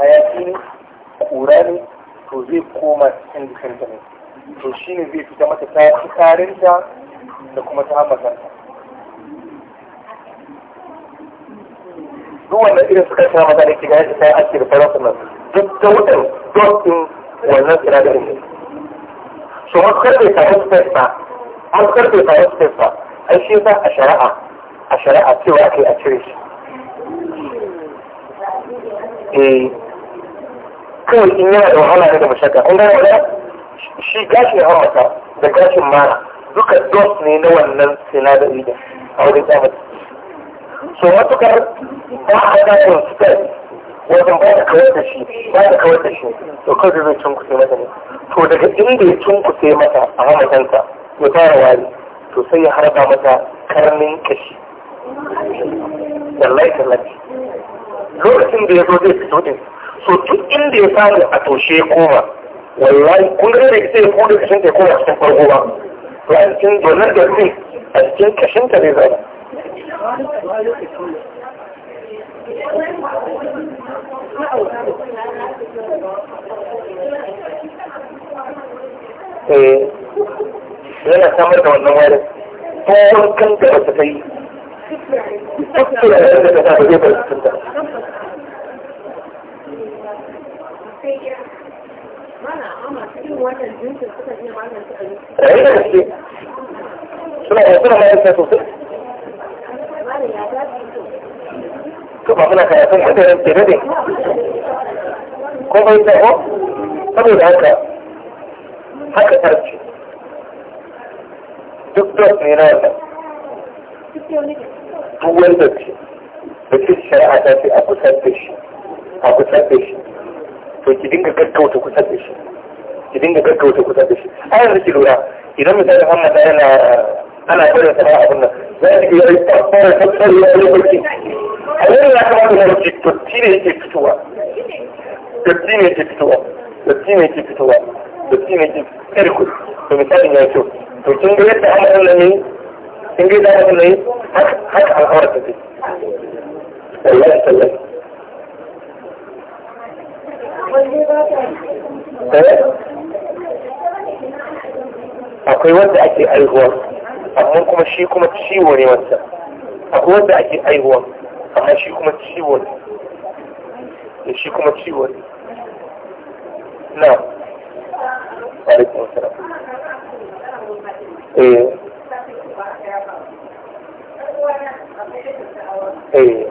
hayaki ne ƙura ne to zai koma cikin ta ne to shi ne zai fita mata ta karinta da kuma ta hamakanta duk wannan irin suka ta mata da kiga ya ta yi ake da faransa nan duk da wutan duk ɗin wannan sinadarin ne so an karfe ta express ba an karfe ta su testa ai shi yasa a shari'a a shari'a cewa ake a cire shi eh kawai in yana da wahala ne da mashaka kun gane wannan shi gashin haramata da gashin mara duka dos ne na wannan sinadari da a wajen tsamata so matukar ba a yin stel wajen ba ta kawar da shi ba ta kawar da shi to kawai da zai cunkuse mata ne to daga inda ya cunkuse mata a hamatansa ya fara wari to sai ya harba mata karnin kashi wallahi tallafi lokacin da ya zo zai fito din so duk inda ya samu a toshe ya koma wallahi kun ga da sai ya koma kashin ta koma cikin farko ba to a cikin donar da zai a cikin kashin ta zai zai eh yana samar da wannan wayar tsohon kanta ba ta kai duk da ta ta zai bar cikin ta suna suna ma yanka sosai to ba muna karatun wata yanke ne ko bai da ko saboda haka haka tarci duk dot ne na wannan duk wanda ce da ce shari'a ta ce a kusan da shi a kusan da shi to ki dinga gaggauta kusan da shi ki dinga gaggauta kusa da shi a lura idan misali Muhammad yana ana barin sa nan za ki yi fara ya yi barki a ya kamata barki to yake fitowa yake fitowa yake fitowa yake to ya to kin ga yadda ne kin ga yadda haka haka akwai wanda ake aihuwa amma kuma shi kuma ciwo ne wanda akwai wanda ake aihuwa amma shi kuma ciwo ne da shi kuma ciwo ne na alaikun salam eh eh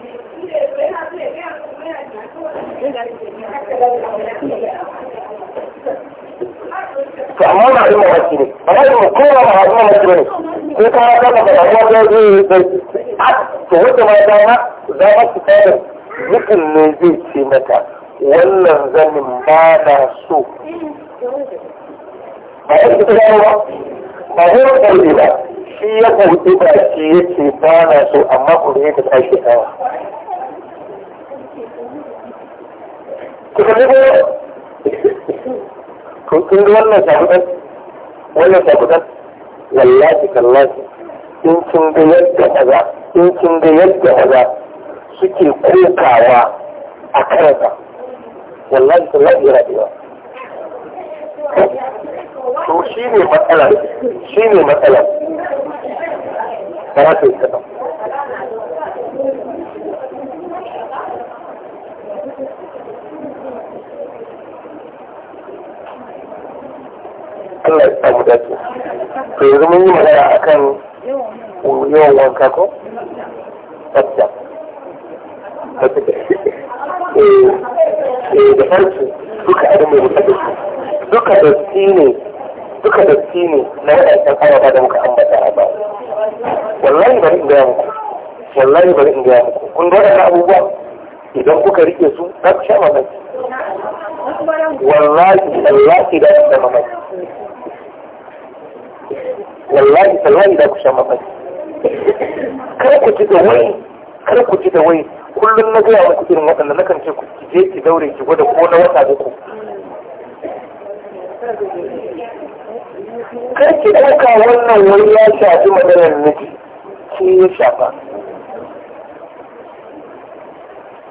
to amma na da mawaci ne amma da ko ba ma haɗu mawaci ne ko kuma ka ba da ruwa zai zai A, to wata ma dama za ma su fara zikin ne zai ce mata wannan zanin ba na so ba ya ci tsaya ba ba zai ba ƙarfi ba shi ya ƙarfi ba shi ya ce ba na so amma kuma ya ta tashi tawa suka ne ko kun ga wannan shafukan wannan shafukan wallahi tallahi in kin ga yadda kaza in kin ga yadda kaza suke kokawa a kansa wallahi tallahi yana da yawa to shi ne matsalar shi ne matsalar karatu ta Allah ya samu dace to yanzu mun yi magana akan yawan wanka ko tsafta eh, eh da farko duka da mai wuta da su duka da su ne duka da su ne na wadancan ba da muka ambata a ba wallahi bari in gaya muku wallahi bari in gaya muku kun ga wadannan abubuwa idan kuka rike su za ku sha mamaki wallahi wallahi da ku sha mamaki wallahi tallahi da ku sha mamaki kar ku ji da wai kar ku ji da wai kullum na gaya muku irin waɗanda na kan ce ku je ki daure ki gwada ko na wata uku kar ki ɗauka wannan wai ya shafi maganar miji ke ya shafa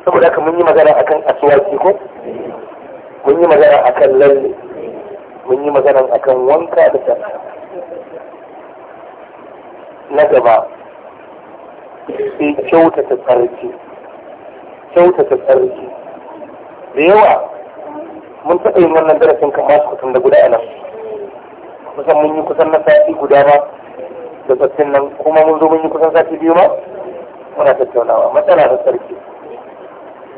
saboda haka mun yi magana akan asuwaki ko mun yi magana akan lalle mun yi magana akan wanka da tsarki na gaba sai kyautata tsarki kyautata tsarki da yawa mun taɓa yin wannan darasin kama su kusan da guda a nan kusan mun yi kusan na sati guda ma da tsarkin nan kuma mun zo mun yi kusan sati biyu ma muna tattaunawa matsala na tsarki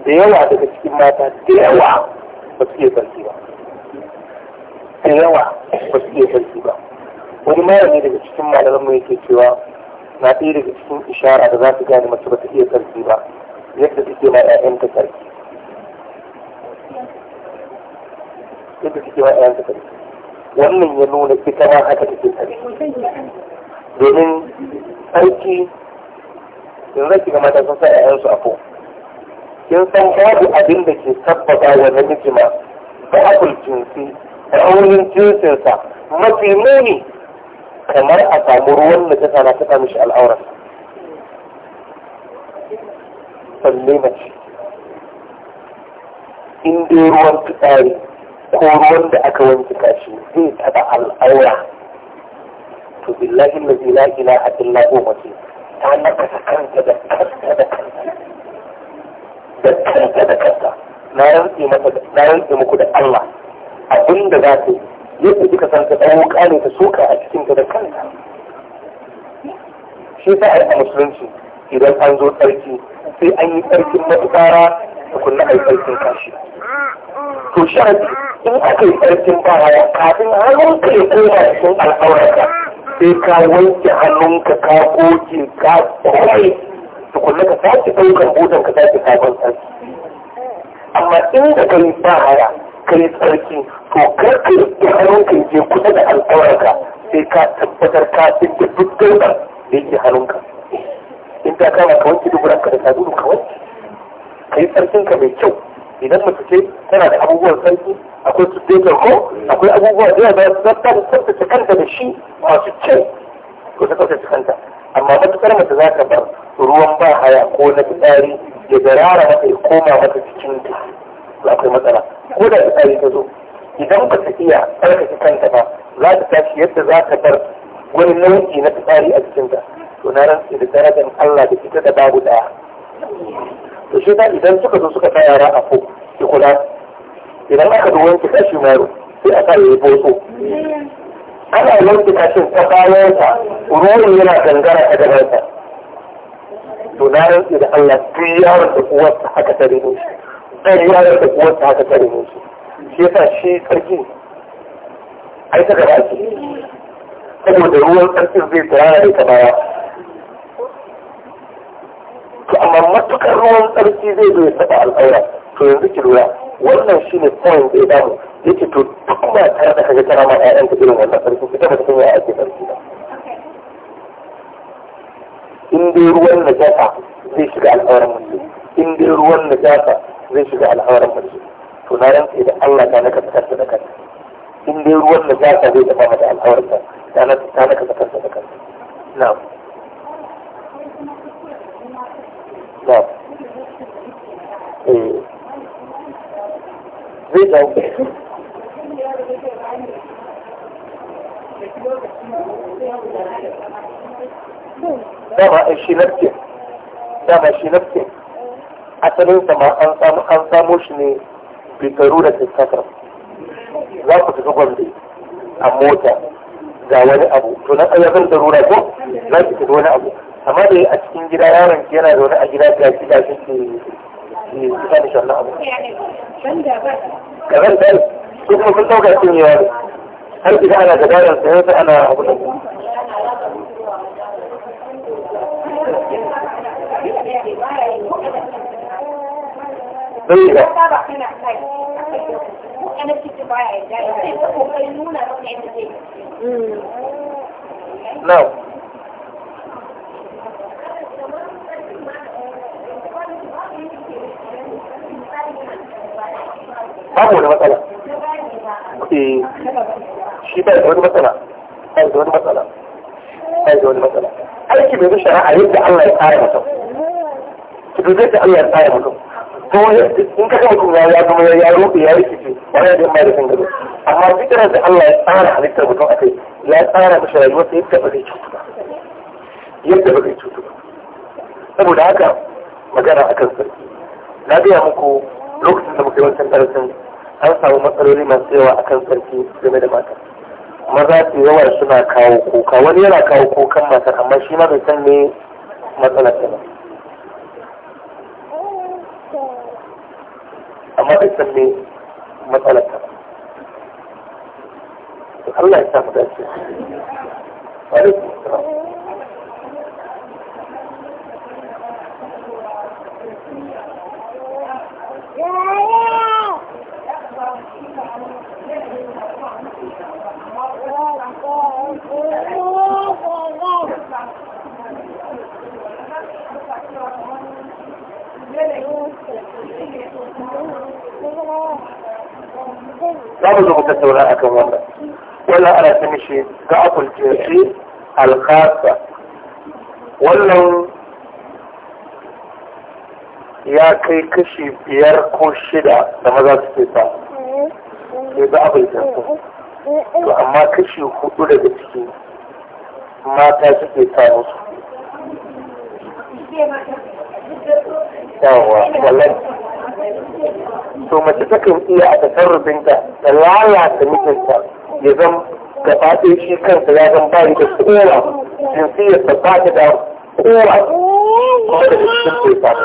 da yawa daga cikin mata da yawa ba su iya tsarki ba da yawa ba su iya tsarki ba wani malami daga cikin malaman mai yake cewa na ɗaya daga cikin ishara da za su gane mace ba ta iya tsarki ba yadda suke ma 'ya'yanta tsarki yadda suke ma 'ya'yanta tsarki wannan ya nuna ita ma haka take tsarki domin tsarki yanzu zaki ga mata sun sa 'ya'yansu a ko kin san babu abin da ke tabbata wa namiji ma ba a jinsi da aunin jinsinsa mafi muni kamar a samu ruwan da ta sana ta sami shi al'aurar balle mace in dai ruwan fitsari ko ruwan da aka wanke kashi zai taɓa al'aura to billahi zina la ilaha illa hu mace ta nakasa kanta da kanta da kanta da kanta da kanta na rantse muku da Allah abinda za ta yi yadda suka san ta tsawo kare ta soka a cikin ta da kanta shi ta a musulunci idan an zo tsarki sai an yi tsarkin matukara da kunna a yi tsarkin kashi to sharadi in aka yi tsarkin baya kafin hannunka ya koma cikin al'aurarka sai ka wanke hannun ka ka goge ka kwaye tukunna ka sake ɗaukar butan ka sake sabon tsarki amma in da ka yi baya kai yi tsarki to kar ka yi hannunka je kusa da alkawarka sai ka tabbatar ka da duk daular da yake hannunka in ta kama ka wanke duburanka da sabulu ka wanke ka yi tsarkinka mai kyau idan mace ce tana da abubuwan sarki akwai su daidai ko akwai abubuwa da yawa za ta tsaftace kanta da shi masu kyau ko ta tsaftace kanta amma matukar mace za ta bar ruwan ba haya ko na fitsari ya zarara mata ya koma mata cikin ta akwai matsala ko da fitsari ta zo idan ba ta iya ɗaukaki kanta ba za ta tashi yadda za ta bar wani nau'i na fitsari a jikinta to na rantsi da darajar Allah da ita da babu daya to shi ta idan suka zo suka tsaya yara a ko ki kula idan aka zo wanke kashi maro sai a sa yayi boso ana wanke kashin ta bayansa ruwan yana gangara a gabansa to na rantsi da Allah duk yaron da uwarsa haka ta rino Ɗari ya da uwarsa haka tare musu shi yasa shi sarki ai ta gaba ake saboda ruwan sarkin zai tsaya ne ta baya to amma matukar ruwan sarki zai zo ya saba al'aura to yanzu ki lura wannan shi ne kawai zai damu yake to duk ma tare da kaga tana ma ƴaƴan ta irin wannan sarki ita ba ta san ya ake sarki ba in dai ruwan najasa zai shiga al'auran mutum in dai ruwan najasa zai shiga al'auran mace to na rantse da Allah ta naka fitar da kanta in dai ruwan da za zai tafa mata al'auran ta ta naka fitar da kanta na'am na'am eh zai dawo dama shi nafke dama shi nafke asalin sa ma an samu an samu shi ne fitaru da tattaka za ku tafi gwamnati a mota ga wani abu to na ɗaya zan darura ko za ki tafi wani abu amma da a cikin gida yaron ki yana zaune a gida ga shi ga shi ke ke kusa da shanna abu kazan dai su kuma sun ɗauka cin yawa ne har gida ana da daren sai ana abu da sai da babu wani matsala eh shi bai da wani matsala bai da wani matsala bai da wani matsala aiki mai a yadda Allah ya tsaya mutum ki dubi yadda Allah ya tsara mutum to in ka kama kuma ya zama ya rufe ya yi rikice wani da yamma da kan gado amma fitarar da Allah ya tsara halittar mutum a kai ya tsara mashi rayuwar sa yadda ba zai cutu ba yadda ba zai cutu ba saboda haka magana akan sarki na gaya muku lokacin da muka yi wancan darasin an samu matsaloli masu yawa akan sarki game da mata maza su yawa suna kawo kuka wani yana kawo kukan matar amma shi ma bai san ne matsalar ta ba ما اكثر من مسألة الله يستخدم وعليكم السلام babu zuwa ta saura kan wannan wala ana ta shi ga akul jinsi alkhasa wannan ya kai kashi biyar ko shida da maza su ke sa sai ga abin jinsi to amma kashi hudu daga ciki mata suke sa musu yawa wallahi to mace takan iya a tasarrufinta ta lalata mijinta ya zan ga ɗaya shi kansa ya zan bari da kowa jinsiyarsa ba ta da kowa kuma da cikin bai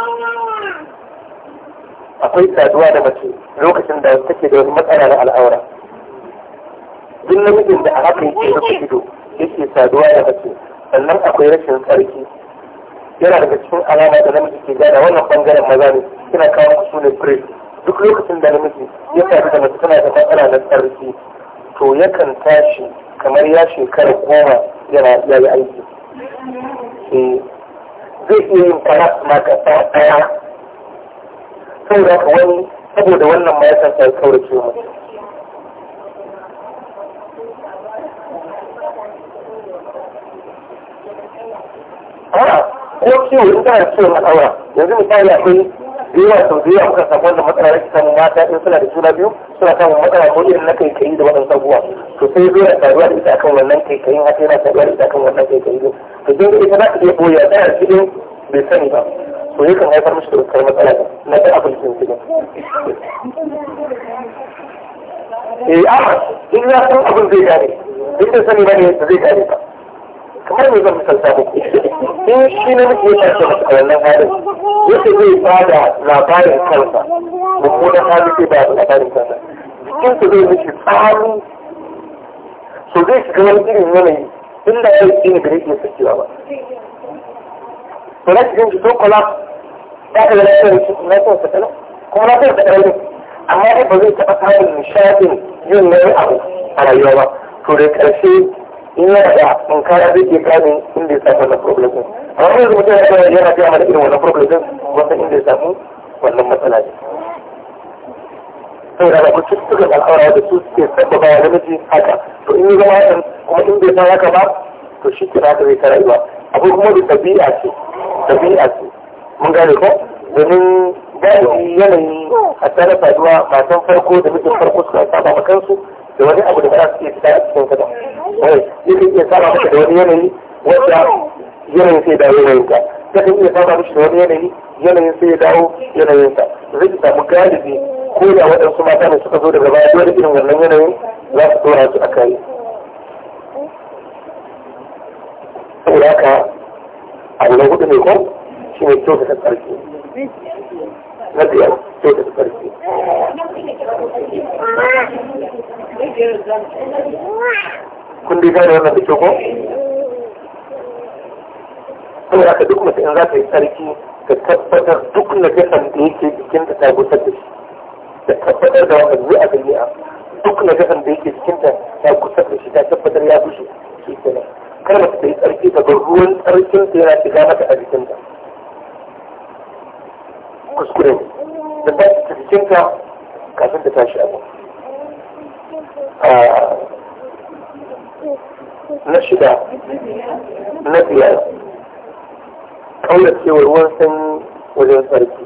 akwai saduwa da mace lokacin da take da wani matsala na al'aura duk namijin da a hakan ke rufe ido yake saduwa da mace sannan akwai rashin tsarki yana daga cikin alama da namiji ke gada wannan bangaren maza ne suna kawo su ne break duk lokacin da namiji ya faru da mace tana da matsala na tsarki to yakan tashi kamar ya shekara goma yana ya yi aiki eh, zai iya yin kwana ma ka ɗaya saboda wani saboda wannan ma yakan sa kaurace mu Ah, ko ciwo in kana ciwon al'aura yanzu misali akwai yawa sau da yawa kuka samu wannan matsala rashin samun mata in suna da juna biyu suna samun matsala ko irin na kai kai da waɗansu abubuwa to sai zo na taruwa da ita akan wannan kai kai haka yana taruwa da ita akan wannan kai kai ne to don ita za ta iya koya boya tana cikin bai sani ba to yakan haifar mishi da kai matsala na ta abin cikin cikin eh a in ya san abin zai gane in da sani ba ne zai gane ba kamar me zan misalta muku in shi ne miji ya tashi masa wannan halin yake zai ba labarin kansa mummunan hali zai ba labarin kansa su zai mishi tsami so zai shiga wani irin yanayi inda ya yi ne gare shi ya sakewa ba to na cikin shi sun kula ya ka gana shi na cikin sa kana kuma na son sa kana ne amma ba zai taɓa samun nishadin yin wani abu a rayuwa ba to da ƙarshe ina da in kaya zai ke kamin inda ya samu wannan problem din amma yanzu mutum ya kaya yana kaya mana irin wannan problem din wata inda ya samu wannan matsala ne sai da ku cututtukan al'aura da su suke sabbaba wa namiji haka to in yi zama hakan kuma in bai san haka ba to shi kira ka zai ta rayuwa akwai kuma da tabi'a ce tabi'a ce mun gane ko domin yanayin a hatta na saduwa matan farko da mijin farko suka saba ma kansu da wani abu da ba za su iya fita a cikin kada yakan iya saba maka da wani yanayi wanda yanayin sai dawo yanayin yanayinka yakan iya saba mishi da wani yanayi yanayin sai ya dawo yanayinka zai samu galibi ko da waɗansu mata ne suka zo daga baya dole irin wannan yanayin za su ɗora su a kai saboda haka abu na hudu ne ko shi ne kyau da tsarki كنت ذا لما تشوفه انا راك دوك مثلا راك تاريخي كتبت دوك نجاح انت كنت تابو سدس كتبت دوك مئة بالمئة دوك نجاح انت كنت تابو سدس اذا كتبت ريابوشي كلمة تاريخي تقول هو الارجنت يناتي قامت الارجنت kuskure da ta cikin ka kafin ta tashi abu ah, na shida na biyar kaunar cewar ruwan sanyi wajen sarki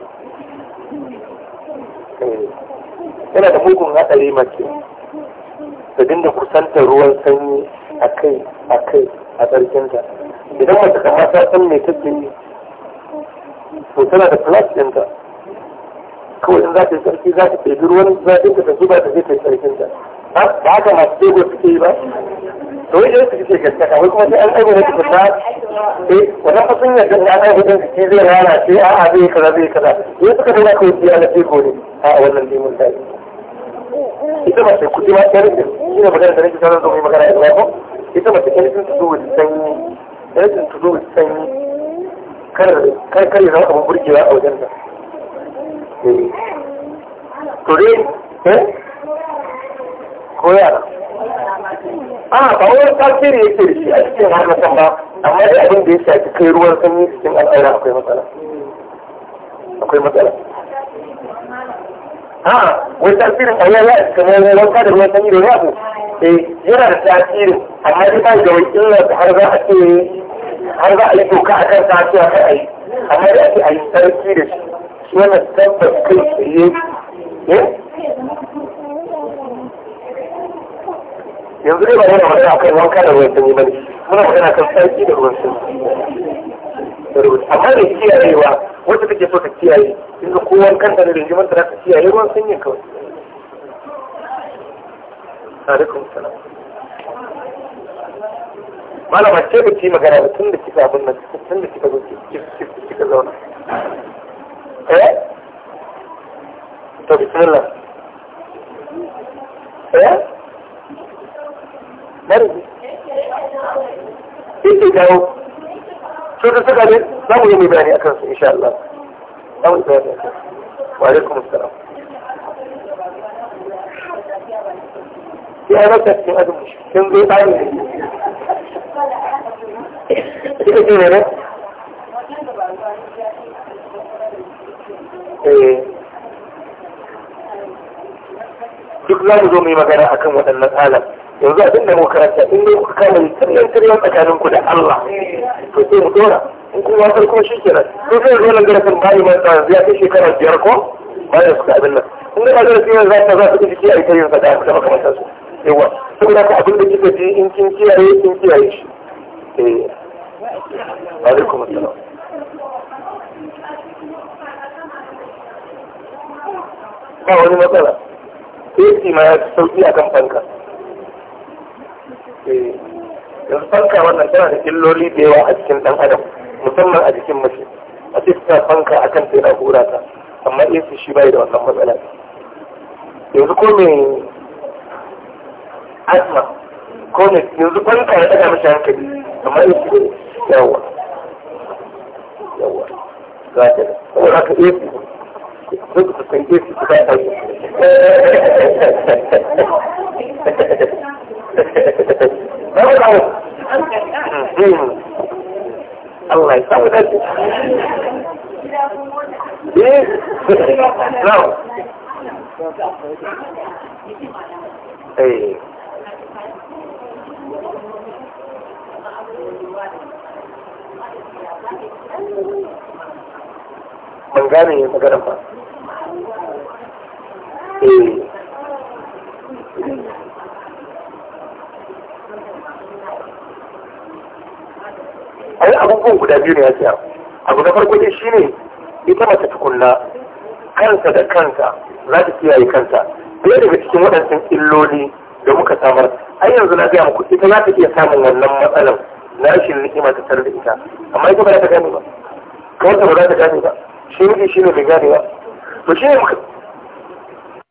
eh, yana da mugun hatsari mace da dinda kusantar ruwan sanyi a kai a kai a tsarkinta idan mace kamar ta san mai take yi to tana da plus ɗinta kawai in za ta yi sarki za ta ɗebi ruwan za ta tafi ba ta zai ta yi sarkin ta ba haka masu jego suke yi ba to wai irin suke gaskata wai kuma sai an aiwa da tukunna eh wannan fa sun ne an aiwa da jiki zai rana sai a a zai kaza zai kaza in suka dana kawai sai ana jego ne a wannan lemun ta ita mace kuɗi ma ɗan rikin shi ne magana da nake sanar da mai magana a ko ita mace ɗan rikin su zo wani sanyi ɗan rikin su zo wani sanyi kar kar ya zama abin burgewa a wajen ta تريد koyar a ba wani tafsiri ya ce shi a cikin harmatan ba amma da abin da ya shafi kai ruwan sanyi cikin al'aira akwai matsala akwai matsala a wani tasirin a yana kamar yana wanka da ruwan sanyi da yabu eh yana da tasirin amma dai ba ga wani illa har za a ce har za a yi doka a kan tasirin kai a yi amma da ake a yi sarki da shi yana tabbas kai tsaye eh? yanzu dai ba yana magana kan wanka da ruwan sanyi ba ne muna magana kan sarki da ruwan sanyi amma da kiyayewa wacce take so ka kiyaye inda kowan kanta da rijiman ta ka kiyaye ruwan sanyin kawai alaikum salam malama ce ba ki magana da tun da kika abin nan tun da kika zo kika zauna ايه طب بسم ايه مرضي ايه تجاوب شو تسيبها ليه ناوي يوم يباني اكرس ان شاء الله ناوي يباني وعليكم السلام في علاقة في كم ايه Eh. duk za mu zo mu yi magana kan waɗannan halar yanzu abin da mu karanta in ne kuka kama tsirriyar tsirriyar tsakanin ku da Allah to sai mu dora in kuma wasan kuma shi kenan to sai zo nan garafin bayi mai tsara ya kai shekara biyar ko bayan suka abin nan in da magana sai za ta za ta jiki a ta yin sa da kuma kamar su yawa saboda ka abin da kika ji in kin kiyaye kin kiyaye shi eh alaikum assalam ba wani matsala AC ma ya sauki a kan fanka eh, yanzu fanka wannan tana da illoli da yawa a cikin ɗan adam musamman a jikin mace a ce ta fanka akan kan na hura ta amma AC shi bai da wannan matsala yanzu ko mai asma ko me yanzu fanka ya ɗaga mace hankali amma AC yawa yawa ga ta da saboda haka AC duk su san ke su kuɗa ɗauki. Allah ya samu dace. Eh, no. Eh. ban gane yin magana a yi abubuwan guda biyu ne ya ce abu na farko shi ne ita mace tukunna kansa da kanta za ta kiyaye kanta ɗaya daga cikin waɗancan illoli da muka samar ai yanzu na gaya muku ita za ta iya samun wannan matsalan na rashin ni'ima ta tare da ita amma ita ba za ta gane ba kawai ba za ta gane ba shi ne shi ne bai gane ba to shi ne